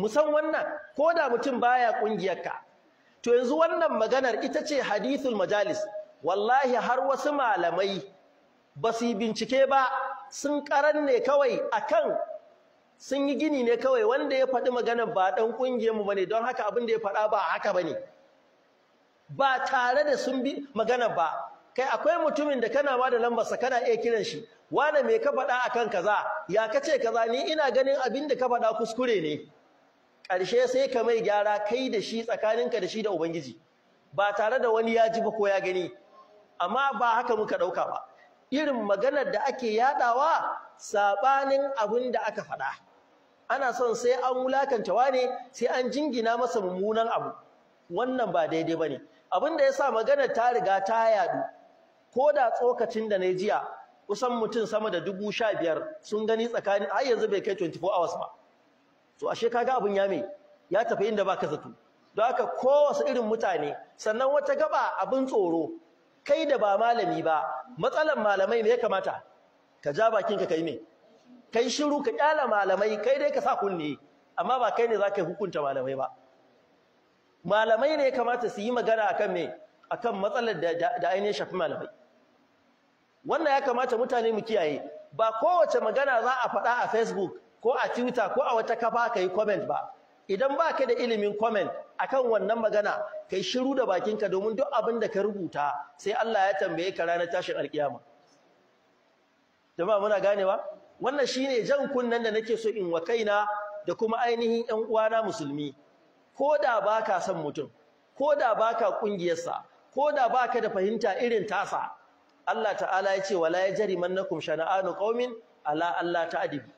musan wannan ko da mutum baya kungiyarka to yanzu wannan maganar ita ce hadithul majalis wallahi har wasu malamai ba su bincike ba sun karan ne kawai akan sun yi gini ne kawai wanda ya faɗi maganar ba dan kungiyar mu bane don haka abin da ya faɗa ba haka bane ba tare da sun bi maganar ba kai akwai mutumin da kana ba da lambarsa kana iya kiran shi wane me ka faɗa akan kaza ya kace kaza ni ina ganin abin da ka faɗa kuskure ne ƙarshe sai ka mai gyara kai da shi tsakaninka da shi da ubangiji ba tare da wani ya ji ba ko ya gani amma ba haka muka ɗauka ba irin maganar da ake yaɗawa saɓanin abin da aka faɗa ana son sai an wulakanta ne sai an jingina masa mummunan abu wannan ba daidai ba ne abin da ya sa maganar ta riga ta yaɗu ko da tsokacin da na jiya kusan mutum sama da dubu sha biyar sun gani tsakanin har yanzu bai kai 24 hours ba to ashe kaga abun ya me ya tafi inda baka zato don haka kowace irin mutane sannan wata gaba abin tsoro kai da ba malami ba matsalan malamai ne ya kamata ka ja bakinka kai me kai shiru ka kyala malamai kai dai ka sa kunne amma ba kai ne za ka hukunta malamai ba malamai ne ya kamata su yi magana akan me akan matsalar da da ainihin shafi malamai wannan ya kamata mutane mu kiyaye ba kowace magana za a faɗa a Facebook ko a Twitter ko a wata kafa ka yi comment ba idan ba ka da ilimin comment akan wannan magana ka yi shiru da bakinka domin duk abin da ka rubuta sai Allah ya tambaye ka ranar tashin alkiyama jama'a muna ganewa wannan shine jan kunnen da nake so in wa kaina da kuma ainihin yan uwana musulmi ko da ba ka son mutum ko koda baka ka ƙungiyarsa ko da ba ka da fahimta irin tasa Allah ta'ala ya ce wala ya yajrimannakum shana'anu qaumin ala Allah ta'adibi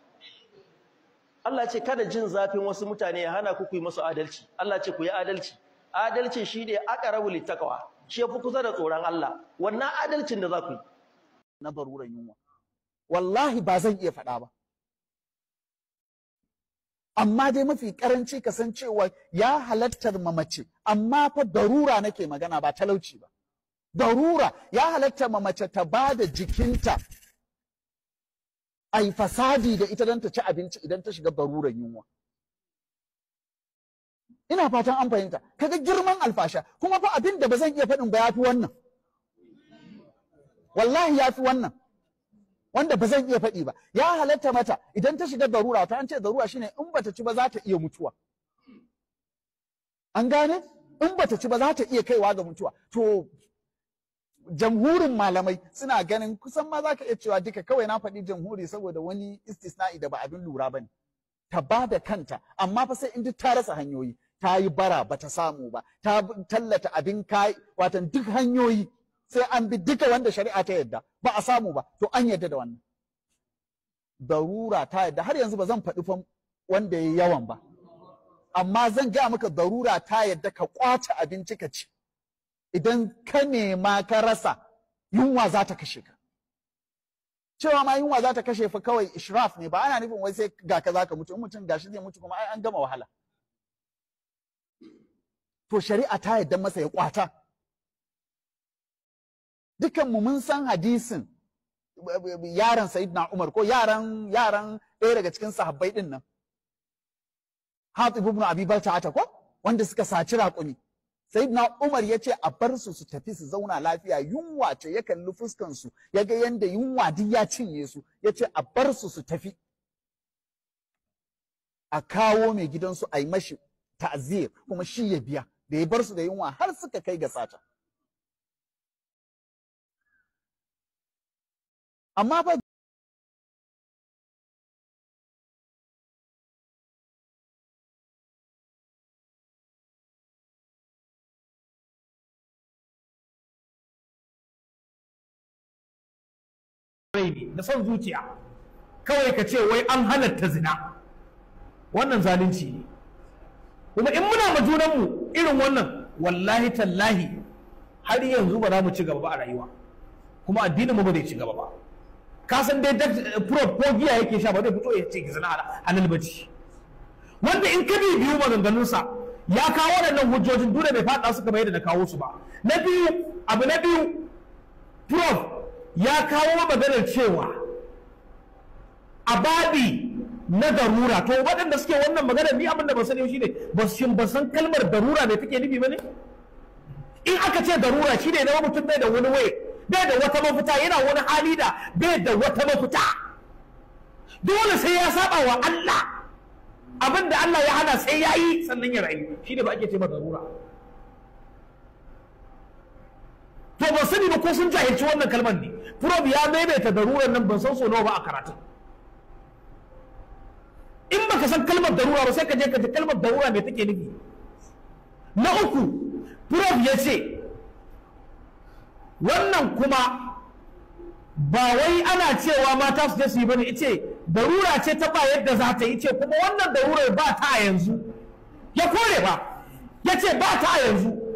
Allah ce kada jin zafin wasu mutane ya hana ku ku yi masu adalci Allah ce ku yi adalci adalci shine aqrabu littaqwa shi yafi kusa da tsoron Allah wannan adalcin da za ku yi na barura yunwa wallahi ba zan iya faɗa ba amma dai mafi karanci kasancewa ya halattar mamace amma fa darura nake magana ba talauci ba darura ya halatta mamace ta bada jikinta a yi fasadi da ita don ta ci abinci idan ta shiga baruran yunwa ina fatan an fahimta kaga girman alfasha kuma fa abin da ba zan iya faɗin ba ya fi wannan wallahi ya fi wannan wanda ba zan iya faɗi ba ya halatta mata idan ta shiga darura ta an ce darura shine in ba ta ci ba za ta iya mutuwa an gane in ba ta ci ba za ta iya kaiwa ga mutuwa to jamhurin malamai suna ganin kusan ma zaka iya cewa duka kawai na faɗi jamhuri saboda wani istisna'i da ba abin lura ba ne. ta ba da kanta amma fa sai in duk ta rasa hanyoyi ta yi bara ba ta samu ba ta tallata abin kai watan duk hanyoyi sai an bi duka wanda shari'a ta yadda ba a samu ba to an yadda da wannan darura ta yadda har yanzu ba zan faɗi fa wanda ya yawan ba amma zan gaya maka darura ta yadda ka kwace abinci ka ci idan ka nema ka rasa yunwa za ta kashe ka cewa ma yunwa za ta kashe fa kawai israf ne ba ana nufin wai sai ga ka za ka mutu in mutum gashi zai mutu kuma an gama wahala to shari'a ta yadda masa ya kwata dukan mu mun san hadisin yaran sayyidina Umar ko yaran yaran ɗaya daga cikin sahabbai din nan Hatib ibn Abi Balta ko wanda suka saci raƙumi sai na Umar ya ce a bar su su tafi su zauna lafiya yunwa ce ya kalli fuskan ya ga yadda yunwa duk ya cinye su ya ce a bar su su tafi a kawo mai gidansu a yi mashi ta'aziyar kuma shi ya biya da ya bar su da yunwa har suka kai ga sata rai ne da son zuciya kawai ka ce wai an halatta zina wannan zalunci ne kuma in muna ma junanmu irin wannan wallahi tallahi har yanzu ba za mu ci gaba ba a rayuwa kuma addinin mu ba zai ci gaba ba ka san dai eh, giya yake sha ba zai fito ya ce zina halal ci wanda in ka biyu maganganunsa ya kawo waɗannan hujjojin dole bai faɗa suka bai da kawo su ba na biyu abu na biyu prof ya kawo maganar cewa a babi na darura to waɗanda suke wannan maganar ni abinda ba sani ne ba su ba san kalmar darura ne take nufi bane in aka ce darura shi ne na mutum bai da wani waye bai da wata mafita yana wani hali da bai da wata mafita dole sai ya saba wa Allah Abinda Allah ya hana sai ya yi sannan ya rayu shine ba ake ce darura to ba sani ba ko sun jahilci wannan kalmar ne prof ya maimaita darurar nan ban san nawa ba a karatu in baka san kalmar darura ba sai ka je ka ji kalmar darura mai take nufi na uku prof ya ce wannan kuma ba wai ana cewa mata su je su yi bane ice darura ce ta ba yadda za ta yi ce kuma wannan darurar ba ta yanzu ya kore ba ya ce ba ta yanzu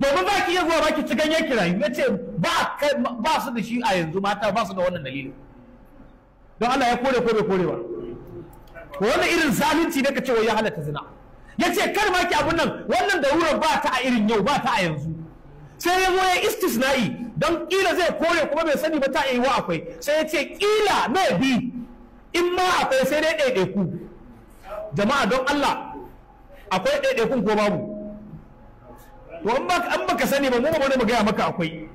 domin za ki iya zuwa baki ci ganyen kirayi na ce ba su da shi a yanzu mata ba su da wannan dalilin don Allah ya kore kore korewa ba wannan irin zalunci ne ka ce wai ya halatta zina ya ce kar ma ki abun nan wannan darurar ba ta a irin yau ba ta a yanzu sai ya zo ya istisna'i don kila zai kore kuma bai sani ba ta yi wa akwai sai ya ce kila na bi in ma akwai sai dai ɗaiɗaiku jama'a don Allah akwai ɗaiɗaikun ko babu to an baka sani ba mu ba mu gaya maka akwai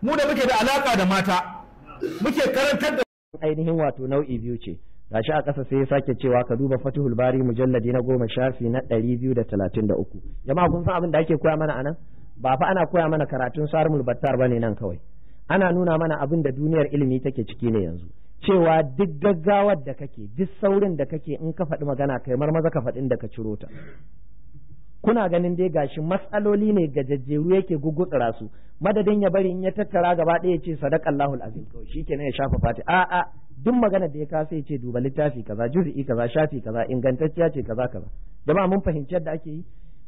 mu da muke da alaka da mata muke karantar da ainihin wato nau'i biyu ce gashi a ƙasa sai ya sake cewa ka duba fatihul bari mujalladi na goma shafi na ɗari biyu da talatin da uku jama'a kun san abin da ake koya mana anan ba fa ana koya mana karatun sarmul battar ne nan kawai ana nuna mana abin da duniyar ilimi take ciki ne yanzu cewa duk gaggawar da kake duk saurin da kake in ka faɗi magana kai marmaza maza ka faɗin da ka ciro ta kuna ganin dai gashi matsaloli ne gajajjeru yake gugutsura su madadin ya bari in ya tattara gaba ɗaya ce sadaqallahu alazim to shikenan ya shafa fati a a duk magana da ya kasa ya ce duba littafi kaza juzu'i kaza shafi kaza ingantacciya ce kaza kaza jama'a mun fahimci yadda ake yi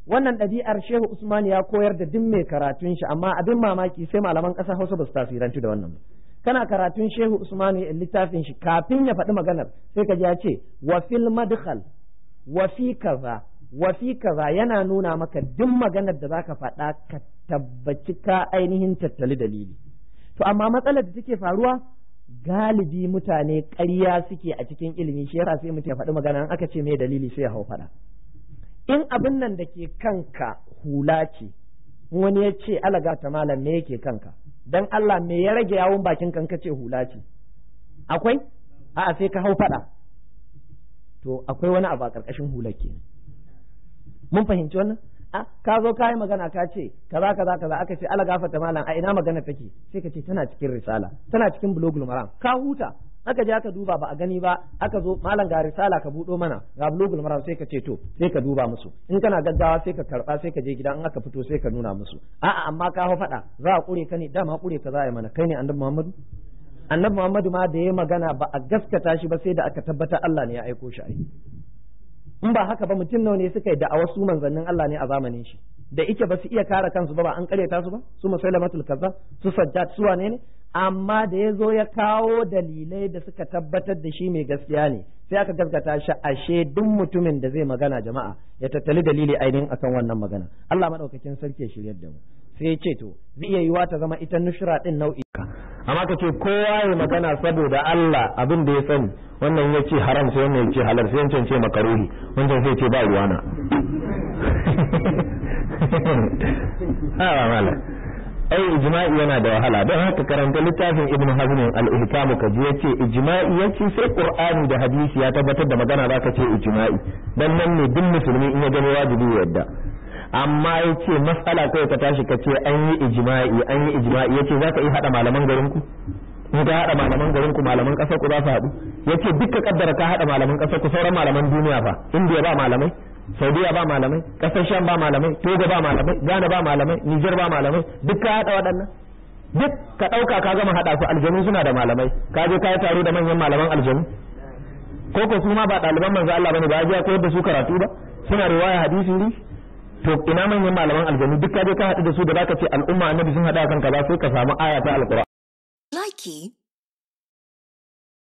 wannan ɗabi'ar shehu usman ya koyar da duk mai karatun shi amma abin mamaki sai malaman ƙasa hausa ba su tasirantu da wannan ba kana karatun shehu usman littafin shi kafin ya faɗi maganar sai ka ji ya ce wa fil madkhal wa fi kaza wa kaza yana nuna maka duk maganar da zaka faɗa ka tabbaci ka ainihin tattali dalili to amma matsalar da take faruwa galibi mutane ƙarya suke a cikin ilimi shi yasa sai mutum ya faɗi magana an aka ce me dalili sai ya hau faɗa in abin nan da ke kanka hula ce wani ya ce alaga ta malam me yake kanka dan Allah me ya rage yawun bakin kanka ce hula ce akwai a'a sai ka hau faɗa to akwai wani abu a ƙarƙashin hular kenan mun fahimci wannan a ah, ka zo ka yi magana ka ce kaza kaza kaza aka ce ala gafarta malam a ina magana take sai ka ce tana cikin risala tana cikin bulogul maram ka huta aka je aka duba ba a gani ba aka zo malam ga risala ka buɗo mana ga bulogul maram sai ka ce to sai ka duba musu in kana gaggawa sai ka karba sai ka je gida in aka fito sai ka nuna musu a'a amma ka faɗa za a kure ka ne dama kure ka za a yi mana kai ne annabi Muhammadu annabi Muhammadu ma da ya magana ba a gaskata shi ba sai da aka tabbata Allah ne ya aiko shi ai in ba haka ba mutum nawa ne suka yi a wasu manzannin Allah ne a zamanin shi da ike ba su iya kare kansu ba ba an karyata su ba su musailamatul kaza su sajjad su wane ne amma da ya zo ya kawo dalilai da suka tabbatar da shi mai gaskiya ne sai aka gaskata shi ashe duk mutumin da zai magana jama'a ya tattali dalili ainihin akan wannan magana Allah madaukakin sarki ya shiryar da mu sai ya ce to zai iya yiwa ta zama ita nushra din nau'i amma ka ce kowa ya magana saboda Allah abin da ya sani wannan ya ce haram sai wannan ya ce halal sai wancan ce makaruhi wancan sai ce ba ruwana ha ai ijma'i yana da wahala don haka karanta littafin ibnu hazm al-ihkam ka ji yace ijma'i yace sai qur'ani da hadisi ya tabbatar da magana zaka ce ijma'i dan nan ne duk musulmi in ya gano wajibi ya yadda amma ya ce matsala kawai ka tashi ka ce an yi ijima'i an yi ijma'i ya ce za ka yi haɗa malaman garinku in ka haɗa malaman garin ku malaman ƙasar ku za su haɗu ya ce duk ka kaddara ka haɗa malaman ƙasar ku sauran malaman duniya fa indiya ba malamai saudiya ba malamai ƙasar sham ba malamai togo ba malamai ghana ba malamai niger ba malamai duk ka haɗa waɗannan duk ka ɗauka ka gama haɗa su aljanu suna da malamai ka je ka yi taro da manyan malaman aljanu ko ko su ma ba ɗaliban manzo Allah bane ba ya koyar da su karatu ba suna riwaya hadisi ne to ina manyan malaman aljanu duk ka je ka haɗu da su da zaka ce al'umma annabi sun haɗa kan kaza sai ka samu aya ta alqur'ani